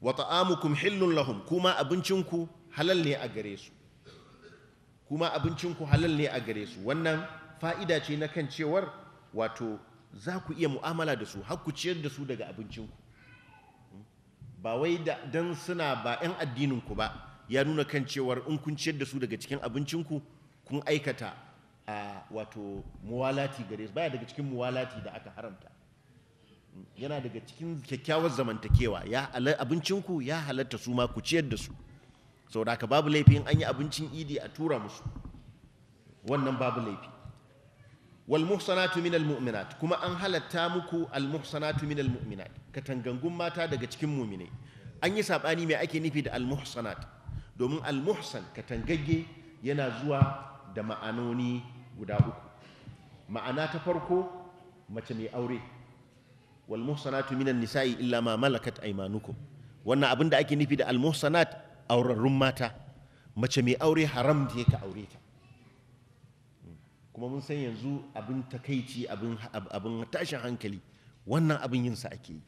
wa ta'amukum hillun lahum kuma abincinku halal ne a gare su kuma abincinku halal ne a gare su wannan fa'ida ce na kan cewar wato za ku iya mu'amala da su har ku ciyar da su daga abincinku ba wai da don suna ba yan addininku ba ya nuna kan cewar in kun ciyar da su daga cikin abincinku kun aikata a wato muwalati gare su baya daga cikin muwalati da aka haramta yana daga cikin kyakkyawar zamantakewa ya abincinku ya halatta su ma ku ciyar da su saboda haka babu laifi in an yi abincin idi a tura musu wannan babu laifi wal muhsanatu minal mu'minat kuma an halatta muku al muhsanatu minal mu'minat katangangun mata daga cikin mumine an yi saɓani mai ake nufi da almuhsanat domin almuhsan katangagge yana zuwa da ma'anoni guda uku ma'ana ta farko mace mai aure wal muhsanatu minan nisa'i illa ma malakat aymanukum wannan abin da ake nufi da almuhsanat aurarrun mata mace mai aure haram da ka aure ta kuma mun san yanzu abin takaici abin tashin hankali wannan abin yinsa ake yi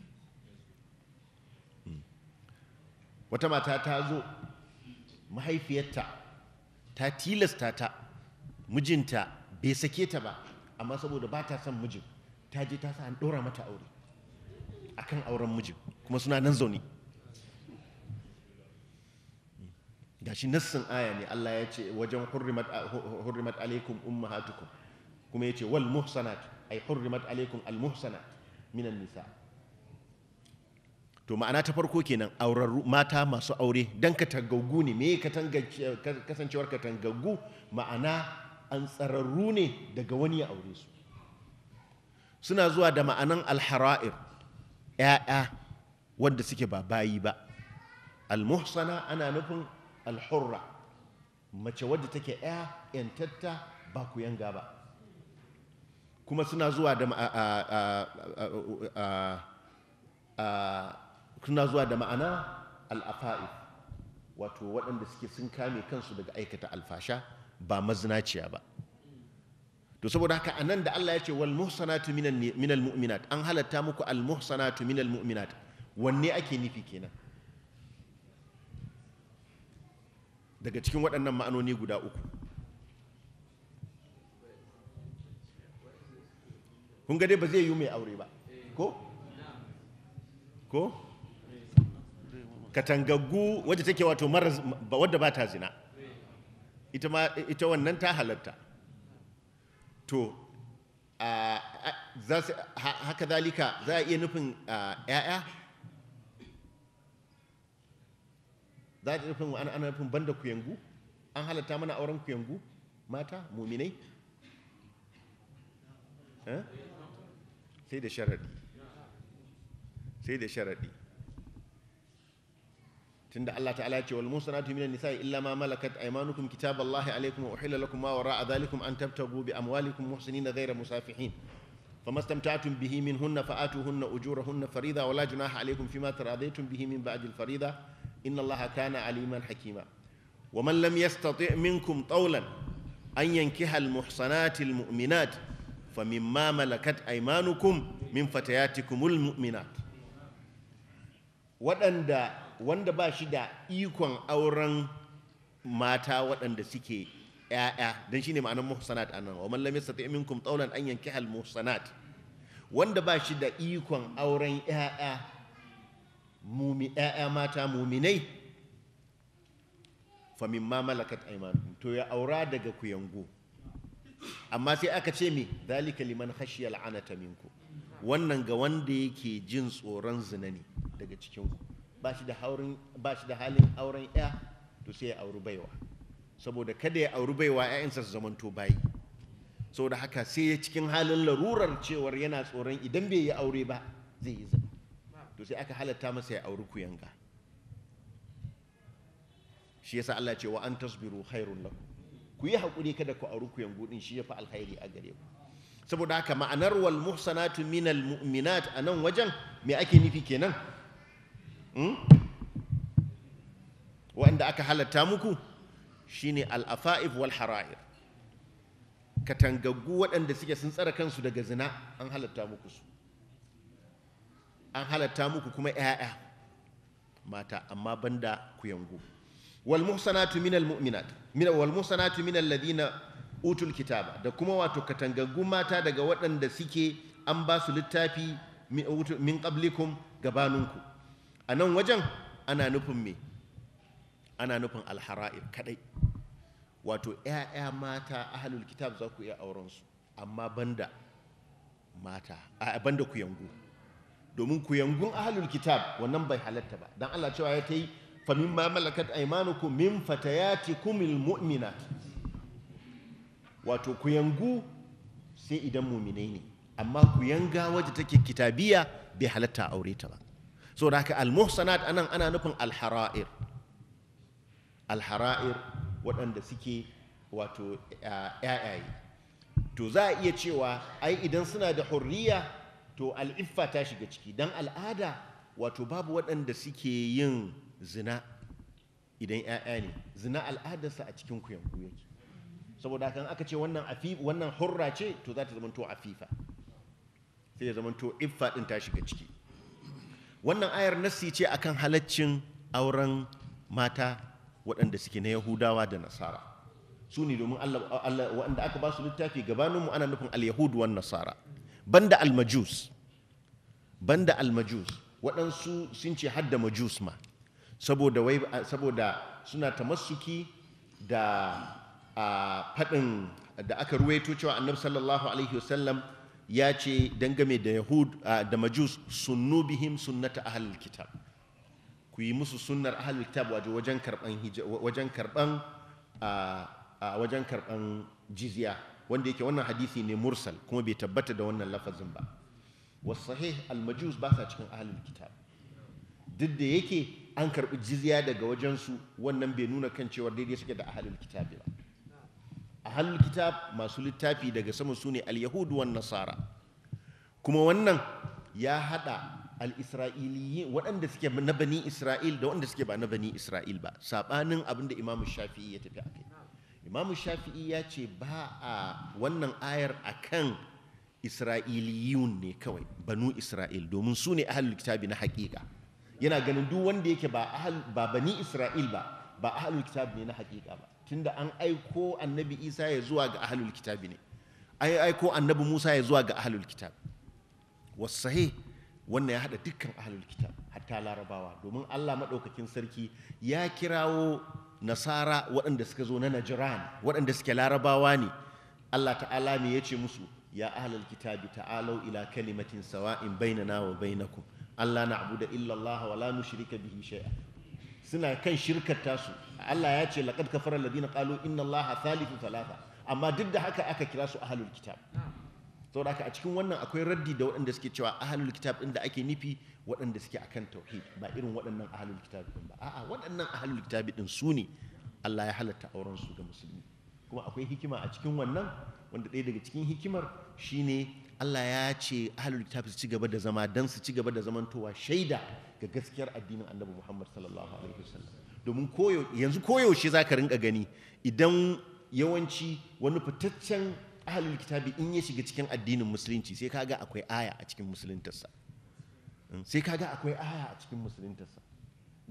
wata mata ta zo mahaifiyarta ta tilasta ta mijinta bai sake ta ba amma saboda ba ta son mijin ta je ta sa an ɗora mata aure kan auren mijin kuma suna nan zaune gashi nassin aya ne Allah ya ce wajen hurrimat alaikum ummahatukum kuma ya ce wal muhsanat ay hurrimat alaikum al muhsanat minan nisa' to ma'ana ta farko kenan auren mata masu aure dan katangaggu ne me ka kasancewar katangaggu ma'ana an tsararru ne daga wani ya aure su suna zuwa da ma'anan alhara'ir ‘ya'ya wanda suke ba bayi ba almuhsana ana nufin alhurra mace wadda take ‘ya ‘yantatta ba ku yanga ba kuma suna zuwa da suna zuwa da ma'ana al'afa'i, wato waɗanda suke sun kame kansu daga aikata alfasha ba mazinaciya ba to saboda haka a nan da Allah ya ce wal muhsanatu minal mu'minat an halatta muku al muhsanatu minal mu'minat wanne ake nufi kenan daga cikin waɗannan ma'anoni guda uku kun ga dai ba zai yi mai aure ba ko ko katangaggu wadda take wato wadda ba ta zina ita ma ita wannan ta halatta to haka zalika za a iya nufin ‘ya'ya za a iya nufin ana nufin banda kuyangu an halatta mana auren kuyangu mata muminai eh? sai da sharaɗi sai da sharaɗi tunda Allah ta'ala ya ce wal musanatu minan nisa'i illa ma malakat aymanukum kitaballahi alaykum wa uhilla lakum ma wara'a dhalikum an tabtagu bi amwalikum muhsinina ghayra musafihin famastamta'tum bihi minhunna fa'atuhunna ujurahunna farida wa la junaha alaykum fima taradaytum bihi min ba'di al farida inna Allaha kana aliman hakima wa man lam yastati' minkum tawlan an yankiha al muhsanati al mu'minat famimma malakat aymanukum min fatayatikum al mu'minat waɗanda wanda ba shi da ikon auren mata waɗanda suke ‘ya'ya don shi ne ma'anar muhsanat a nan wa mallam ya sata minkum tsaunan an yanki hal muhsanat wanda ba shi da ikon auren ‘ya'ya ‘ya'ya mata muminai famin ma malakat aiman to ya aura daga kuyango amma sai aka ce mi dalika liman khashiyal anata minku wannan ga wanda yake jin tsoron zina ne daga cikinku ba shi da halin auren ya to sai ya auri baiwa saboda kada ya auri baiwa 'ya'yansa su zamanto bayi saboda haka sai ya cikin halin larurar cewar yana tsoron idan bai yi aure ba zai yi zama to sai aka halatta masa ya auri kuyanga shi yasa Allah ce wa an tasbiru khairun lakum ku yi hakuri kada ku auri kuyangu din shi ya yafi alkhairi a gare ku saboda haka ma'anar wal muhsanatu minal mu'minat nan wajen me ake nufi kenan Hmm? wa'anda aka halatta muku shine al-afa'if wal hara'ir katangaggu waɗanda suke sun tsara kansu daga zina an halatta muku su an halatta muku kuma 'ya'ya mata amma banda kuyangu wal muhsanatu minal mu'minat min wal muhsanatu minal ladina utul kitaba da kuma wato katangaggu mata daga waɗanda suke an ba su littafi min qablikum gabaninku a nan wajen ana nufin me ana nufin alhara'ir kadai wato 'ya'ya mata ahalul kitab za ku iya aurensu amma banda mata a banda kuyangu domin kuyangun ahalul kitab wannan bai halatta ba dan Allah cewa ya yi fa ma malakat aymanukum min fatayatikumul mu'minat wato kuyangu sai idan muminai ne amma kuyanga wadda take kitabiya bai halatta aure ta ba so da haka almuhsanat anan ana nufin Al-Hara'ir waɗanda suke wato yayaye to za a iya cewa ai idan suna da hurriya to al'iffa ta shiga ciki dan al'ada wato babu waɗanda suke yin zina idan ƴaƴa ne zina al'adarsa a cikin kuyanku yake saboda kan aka ce wannan wannan hurra ce to za ta zama to afifa sai ya zama to iffa din ta shiga ciki wannan ayar nassi ce akan halaccin auren mata waɗanda suke na yahudawa da nasara su ne domin waɗanda aka ba su littafi gabaninmu ana nufin al-yahudu wan nasara banda almajus, majus banda waɗansu sun ce hadda majus ma saboda wai saboda suna tamassuki da a faɗin da aka ruwaito cewa annabi sallallahu alaihi wasallam ya ce dangame da yahud da majus sunnu bihim sunnata ahlul kitab ku yi musu sunnar ahlul kitab wajen karban wajen karban wajen karban jizya wanda yake wannan hadisi ne mursal kuma bai tabbata da wannan lafazin ba was sahih al majus ba sa cikin ahlul kitab duk da yake an karbi jiziya daga wajensu wannan bai nuna kan cewa daidai suke da ahlul kitab ba ahlul kitab masu littafi daga sama su ne al-yahudu wan nasara kuma wannan ya hada al waɗanda suke na bani isra'il da waɗanda suke ba na bani isra'il ba saɓanin abin da imamu shafi'i ya tafi akai imamu shafi'i ya ce ba a wannan ayar akan isra'iliyun ne kawai banu isra'il domin su ne ahal kitabi na haƙiƙa yana ganin duk wanda yake ba bani isra'il ba ba ahal kitabi ne na haƙiƙa ba tunda an aiko annabi isa ya zuwa ga ahalul kitabi ne an aiko annabi musa ya zuwa ga ahalul kitab wasahi wannan ya haɗa dukkan ahalul kitab hatta larabawa domin allah maɗaukakin sarki ya kirawo nasara waɗanda suka zo na najiran waɗanda suke larabawa ne allah ta'ala me ya ce musu ya ahalul kitabi ta'alau ila kalimatin sawa'in bainana wa bainakum allah abu da illallah wa la nushrika bihi shay'a suna kan shirkar tasu Allah ya ce laqad kafara alladhina qalu inna Allaha thalithu thalatha amma duk da haka aka kira su ahlul kitab saboda haka a cikin wannan akwai raddi da waɗanda suke cewa ahlul kitab inda da ake nufi waɗanda suke akan tauhid ba irin waɗannan ahlul kitab din ba a'a waɗannan ahlul kitab din su ne Allah ya halatta auren su ga musulmi kuma akwai hikima a cikin wannan wanda ɗaya daga cikin hikimar shine Allah ya ce ahlul kitab su ci gaba da zama dan su ci gaba da zamantowa shaida ga gaskiyar addinin annabi Muhammad sallallahu alaihi wasallam domin koyo yanzu koyaushe zaka rinka gani idan yawanci wani fitaccen ahlul kitabi in ya shiga cikin addinin musulunci sai kaga akwai aya a cikin musuluntarsa hmm, sai kaga akwai aya a cikin musuluntarsa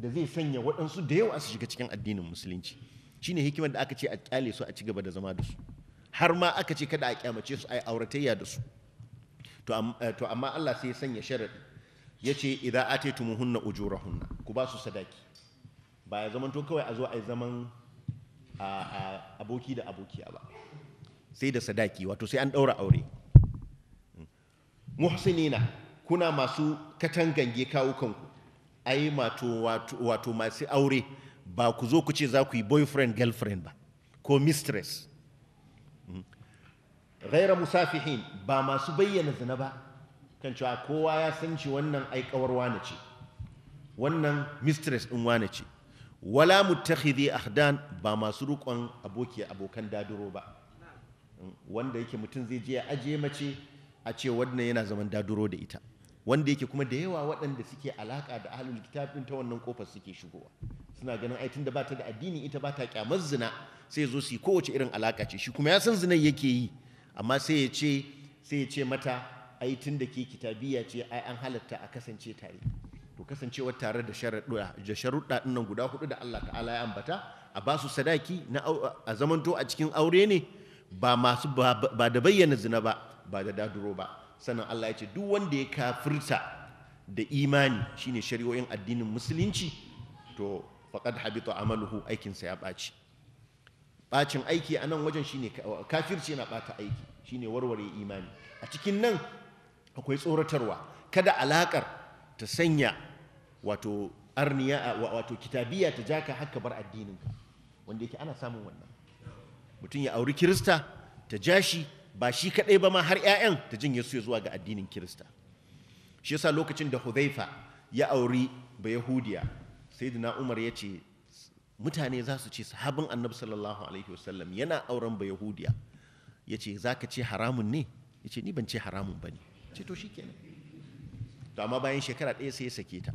da zai sanya waɗansu da yawa su shiga cikin addinin musulunci shine hikimar da aka ce a kyale su a ci gaba da zama da su har ma aka ce kada a kyamace su a yi auratayya da su to eh, amma Allah sai ya sanya sharadi Ya ce idan yace idza ataytumuhunna ujurahunna ku ba su sadaki ba ya to kawai a zo a yi zaman aboki da abokiya ba sai da sadaki wato sai an ɗaura aure muhsinina kuna masu katangange kawo kanku ai wato masu aure ba ku zo ku ce za ku yi boyfriend girlfriend ba ko mistress ghaira musafihin ba masu bayyana zina ba kan cewa kowa ya san shi wannan aikawar wane ce wannan mistress din wane ce wala mutakhidhi ahdan ba masu rukon aboki abokan daduro ba wanda yake mutum zai je ya aje mace a ce wannan yana zaman daduro da ita wanda yake kuma da yawa waɗanda suke alaka da ahlul kitab ta wannan kofar suke shigowa suna ganin ai tunda bata da addini ita bata kyamar zina sai zo su yi kowace irin alaka ce shi kuma ya san zinar yake yi amma sai ya ce sai ya ce mata ai tun da ke kitabiyya ce ai an halatta a kasance tare to kasancewar tare da sharuɗa da nan guda hudu da Allah ta'ala ya ambata a ba su sadaki na a zamanto a cikin aure ne ba masu ba da bayyana zina ba ba da daduro ba sannan Allah ya ce duk wanda ya kafirta da imani shine shari'o'in addinin musulunci to faqad habita amaluhu aikinsa ya ɓaci ɓacin aiki a nan wajen shine kafirci na ɓata aiki shine warware imani a cikin nan akwai tsoratarwa kada alakar ta sanya wato arniya wato kitabiya ta jaka haka bar addininka wanda yake ana samun wannan mutum ya auri kirista ta ja shi ba shi kaɗai ba ma har 'ya'yan ta jin su ya zuwa ga addinin kirista shi yasa lokacin da hudhaifa ya auri ba yahudiya na umar ya ce mutane za su ce sahabin annabi sallallahu alaihi wasallam yana auren ba yahudiya ya ce za ka ce haramun ne ya ce ni ban ce haramun ba ne Cito shi kenan to amma bayan shekara ɗaya sai ya sake ta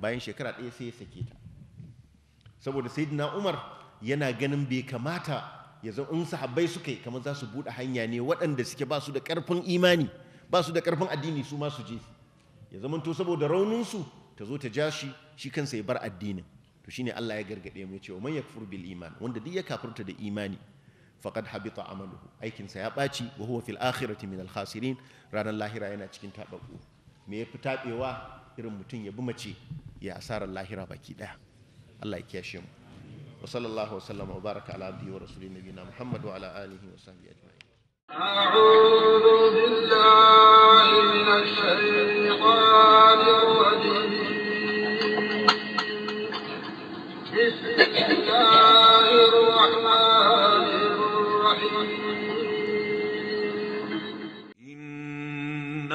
bayan shekara ɗaya sai ya sake ta saboda sayyidina umar yana ganin bai kamata ya zan in sahabbai suka yi kamar za su buɗe hanya ne waɗanda suke ba su da ƙarfin imani ba su da ƙarfin addini su ma su je ya zama to saboda rauninsu ta zo ta ja shi shi kansa ya bar addinin to shine Allah ya gargaɗe mu cewa ce wa man yakfur bil iman wanda duk ya kafirta da imani فقد حبط عمله اي ya ɓaci وهو في الاخره من الخاسرين ران الله راينا cikin tabaku me yafi tabewa irin mutun yabi mace ya asarar lahira baki daya Allah ya kiyashe mu wa sallallahu wa sallama wa baraka ala abdi wa rasuli nabiyina Muhammad wa ala alihi wa sahbihi ajma'in أعوذ بالله من الشيطان الرجيم بسم الله